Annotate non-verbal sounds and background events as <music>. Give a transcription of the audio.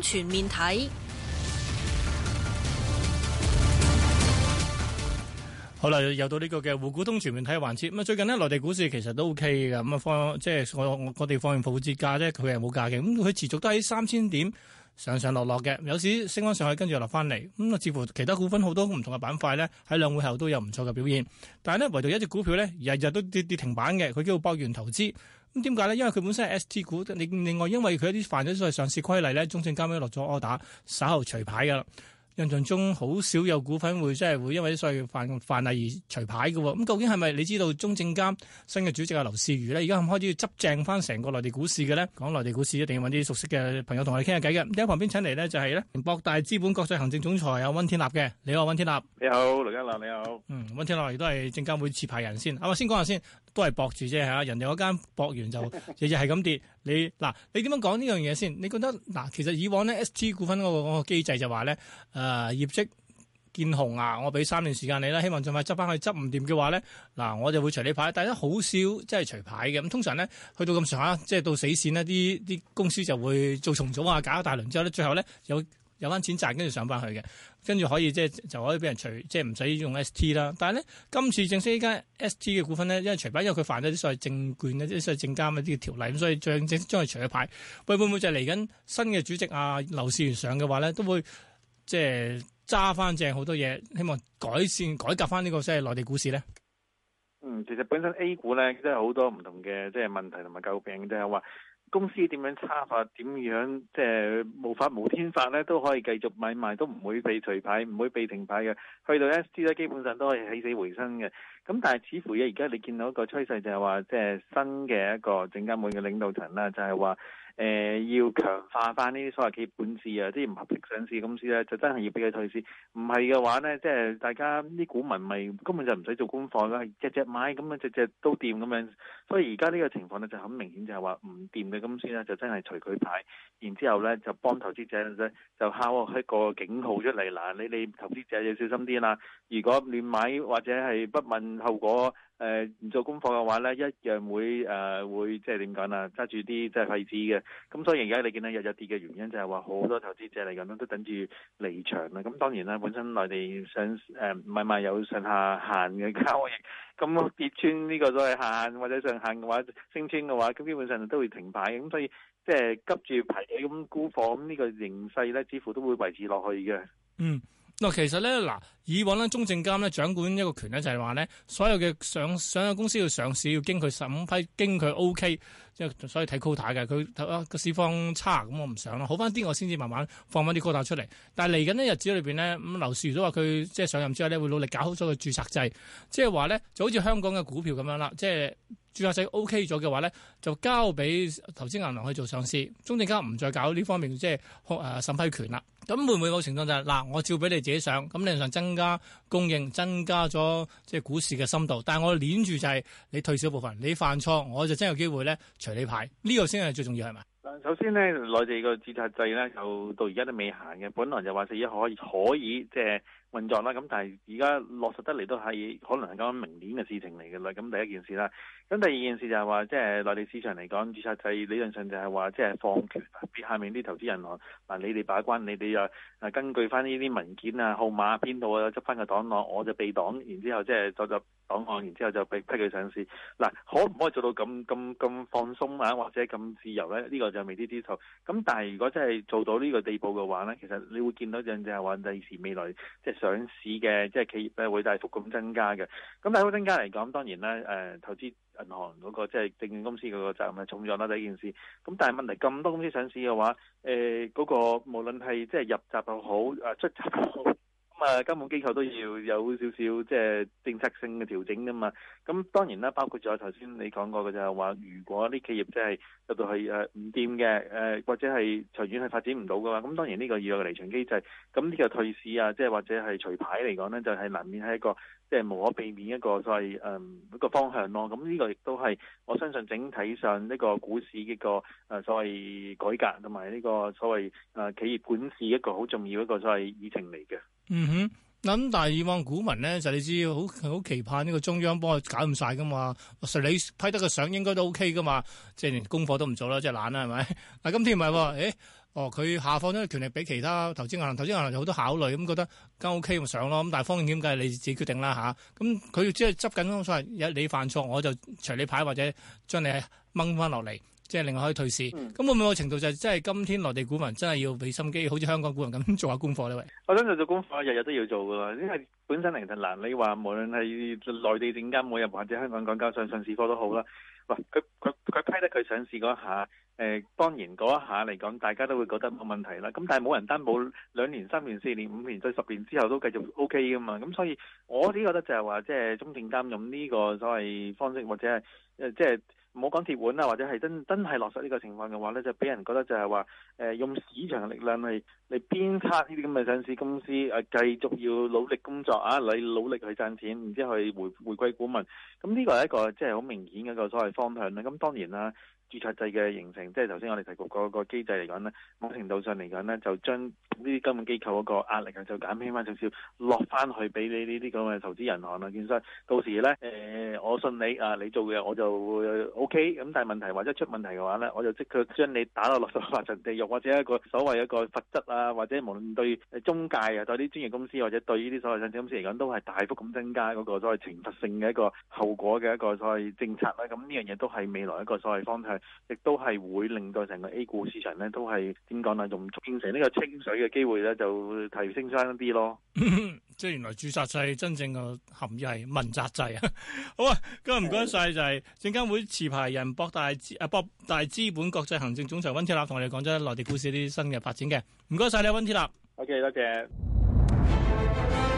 全面睇，好啦，又到呢、這個嘅滬股通全面睇環節。咁啊，最近咧，內地股市其實都 OK 噶，咁啊放，即係我我哋放完普市價啫，佢係冇價嘅。咁佢持續都喺三千點上上落落嘅，有時升翻上去，跟住又落翻嚟。咁、嗯、啊，似乎其他股份好多唔同嘅板塊咧，喺兩會後都有唔錯嘅表現。但係咧，唯獨一隻股票咧，日日都跌跌停板嘅，佢叫做博元投資。咁點解咧？因為佢本身係 ST 股，另另外因為佢一啲犯咗所謂上市規例咧，中證監咧落咗 order，稍後除牌噶啦。印象中好少有股份會即係會因為啲所謂犯犯例而除牌嘅喎。咁究竟係咪你知道中證監新嘅主席阿劉士餘咧，而家開始要執正翻成個內地股市嘅咧？講內地股市一定要揾啲熟悉嘅朋友同你傾下偈嘅。咁喺旁邊請嚟咧就係咧博大資本國際行政總裁阿溫天納嘅。你好，溫天納。你好，劉家樂。你好。嗯，溫天納亦都係證監會持牌人先。啊，我先講下先。都係博住啫吓，人哋嗰間博完就日日係咁跌。你嗱，你點樣講呢樣嘢先？你覺得嗱，其實以往咧，ST 股份嗰個機制就話咧，誒、呃、業績見紅啊，我俾三年時間你啦，希望盡快執翻去執唔掂嘅話咧，嗱我就會除你牌。但係咧好少即係除牌嘅。咁通常咧，去到咁上下，即係到死線呢，啲啲公司就會做重組啊，搞大輪之後咧，最後咧有。有翻錢賺，跟住上翻去嘅，跟住可以即係就可以俾人除，即係唔使用 ST 啦。但係咧，今次正式依家 ST 嘅股份咧，因為除牌，因為佢犯咗啲所謂證券、啲所謂證監嘅啲條例，咁所以將正式將佢除咗牌。會唔會就係嚟緊新嘅主席啊劉士元上嘅話咧，都會即係揸翻正好多嘢，希望改善改革翻呢個所謂內地股市咧？嗯，其實本身 A 股咧，真係好多唔同嘅即係問題同埋舊病，即係話。公司點樣差法，點樣即係無法無天法咧，都可以繼續買賣，都唔會被除牌，唔會被停牌嘅。去到 ST 咧，基本上都可以起死回生嘅。咁但係似乎而家你見到一個趨勢就係話，即係新嘅一個證監會嘅領導層啦，就係話。誒、呃，要強化翻呢啲所謂企業本質啊！即係唔合適上市公司咧，就真係要俾佢退市。唔係嘅話咧，即、就、係、是、大家啲股民咪、就是、根本就唔使做功課啦，只隻買咁樣，只只都掂咁樣。所以而家呢個情況咧，就很明顯就係話唔掂嘅公司咧，就真係除佢牌。然之後咧，就幫投資者呢就敲一個警號出嚟嗱，你你投資者要小心啲啦。如果亂買或者係不問後果。誒，唔、呃、做功課嘅話咧，一樣會誒、呃、會即係點講啊？揸住啲即係廢紙嘅，咁所以而家你見到日日跌嘅原因，就係話好多投資者嚟咁樣都等住離場啦。咁當然啦，本身內地想唔、呃、買賣有上下限嘅交易，咁跌穿呢個所謂限或者上限嘅話，升穿嘅話，咁基本上都會停牌。咁所以即係急住排咁沽貨，咁呢個形勢咧，似乎都會維持落去嘅。嗯。嗱，其實咧，嗱以往咧，中證監咧掌管一個權咧，就係話咧，所有嘅上、上嘅公司要上市，要經佢審批，經佢 OK，即係，所以睇 quota 嘅。佢個市況差，咁我唔上啦。好翻啲，我先至慢慢放翻啲 quota 出嚟。但係嚟緊呢日子裏面咧，咁，嗯，劉士如都話佢即係上任之後咧，會努力搞好咗個註冊制，即係話咧，就好似香港嘅股票咁樣啦，即係注冊制 O K 咗嘅話咧，就交俾投資銀行去做上市，中證監唔再搞呢方面即係誒審批權啦。咁會唔會個情況就係嗱，我照俾你自己上，咁你上增加供應，增加咗即係股市嘅深度，但係我捻住就係你退少部分，你犯錯我就真有機會咧除你牌，呢、呢個先係最重要係嘛？嗱，首先咧內地個注冊制咧就到而家都未行嘅，本來就話四一可可以即係。可以就是運作啦，咁但係而家落實得嚟都係可能係講明年嘅事情嚟嘅啦。咁第一件事啦，咁第二件事就係話，即係內地市場嚟講，註冊制理論上就係話，即係放權，下面啲投資人來，你哋把關，你哋又啊根據翻呢啲文件啊、號碼編號啊，執翻個檔案，我就備檔，然之後即係作入檔案，然之後就被批佢上市。嗱，可唔可以做到咁咁咁放鬆啊？或者咁自由呢？呢、這個就未知之數。咁但係如果真係做到呢個地步嘅話呢，其實你會見到嘅就係話，第時未來即係。上市嘅即係企業咧會大幅咁增加嘅，咁大幅增加嚟講，當然咧誒投資銀行嗰個即係證券公司嗰個責任咧，重咗啦，第一件事。咁但係問題咁多公司上市嘅話，誒嗰個無論係即係入閘又好，誒出閘又好。誒，監管、啊、機構都要有少少即係政策性嘅調整㗎嘛。咁當然啦，包括咗頭先你講過嘅就係話，如果啲企業即係入到去唔掂嘅誒，或者係隨遠係發展唔到嘅話，咁當然呢個要有離場機制，咁呢個退市啊，即係或者係除牌嚟講呢，就係、是、難免係一個即係、就是、無可避免一個所謂誒、嗯、一個方向咯。咁呢個亦都係我相信整體上呢個股市嘅個誒所謂改革同埋呢個所謂誒企業管治一個好重要的一個所謂議程嚟嘅。嗯哼，嗱，但係以往股民咧，就你知，好好期盼呢個中央幫佢搞咁晒噶嘛。實你批得個相應該都 O K 噶嘛，即係連功課都唔做啦，即係懶啦，係咪？但今天唔係，誒、哎，哦，佢下放咗個權力俾其他投資銀行，投資銀行有好多考慮咁、嗯，覺得更 O K 咪上咯。咁但係風險嘅係你自己決定啦吓。咁佢即係執緊咯，所以一你犯錯，我就除你牌或者將你掹翻落嚟。.即係另外可以退市，咁會唔會個程度就係，即係今天內地股民真係要俾心機，好似香港股民咁做下功課呢喂，我想做做功課，日日都要做噶啦，因為本身嚟講嗱，你話無論係內地證監會又或者香港港交上上市科都好啦，佢佢佢批得佢上市嗰下，誒、呃、當然嗰一下嚟講，大家都會覺得冇問題啦。咁但係冇人擔保兩年、三年、四年、五年、再十年之後都繼續 O K 噶嘛。咁所以我自己覺得就係話，即係中證監用呢個所謂方式，或者係即係。呃就是唔好講鐵腕啦，或者係真真係落實呢個情況嘅話呢，就俾人覺得就係話，誒、呃、用市場力量去嚟鞭撻呢啲咁嘅上市公司，誒、啊、繼續要努力工作啊，你努力去賺錢，然之後去回回歸股民，咁呢個係一個即係好明顯嘅一個所謂方向啦。咁當然啦。註冊制嘅形成，即係頭先我哋提過嗰個機制嚟講呢，某程度上嚟講呢就將呢啲金融機構嗰個壓力啊，就減輕翻少少，落翻去俾你呢啲咁嘅投資銀行啊、券商。到時呢，誒、欸，我信你啊，你做嘅我就會 O K。咁但係問題或者出問題嘅話呢，我就即刻將你打落落去十八層地獄，或者一個所謂一個罰則啊，或者無論對中介啊、對啲專業公司或者對呢啲所謂上市公司嚟講，都係大幅咁增加嗰個所謂懲罰性嘅一個後果嘅一個所謂政策啦。咁呢樣嘢都係未來一個所謂方向。亦都係會令到成個 A 股市場咧，都係點講咧，仲變成呢個清水嘅機會咧，就會提升翻一啲咯。即係 <laughs> 原來註冊制真正嘅含義係問責制啊！ <laughs> 好啊，咁日唔該晒，就係證監會持牌人博大資啊博大資本國際行政總裁溫天納同我哋講咗內地股市啲新嘅發展嘅，唔該晒你溫天納。OK，多謝，謝。